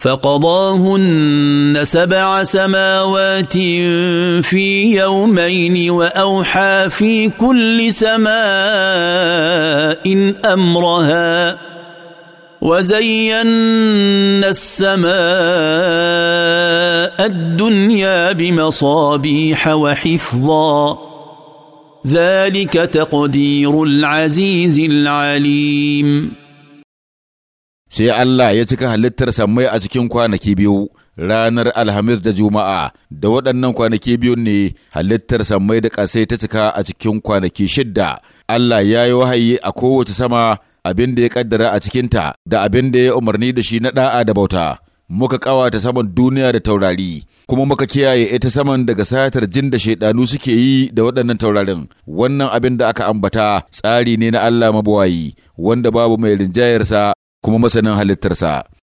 فقضاهن سبع سماوات في يومين واوحى في كل سماء امرها وزينا السماء الدنيا بمصابيح وحفظا ذلك تقدير العزيز العليم sai Allah ya cika halittar samai a cikin kwanaki biyu ranar Alhamis da Juma'a da waɗannan kwanaki biyu ne halittar samai da ƙasai ta cika a cikin kwanaki shidda Allah ya yi wahayi a kowace sama abin da ya ƙaddara a cikinta da abin da ya umarni da shi na ɗa'a da bauta muka ƙawa ta saman duniya da taurari kuma muka kiyaye ita saman daga satar jin da shaidanu suke yi da waɗannan taurarin wannan abin da aka ambata tsari ne na Allah mabuwayi, wanda babu mai rinjayarsa kuma masanin halittarsa.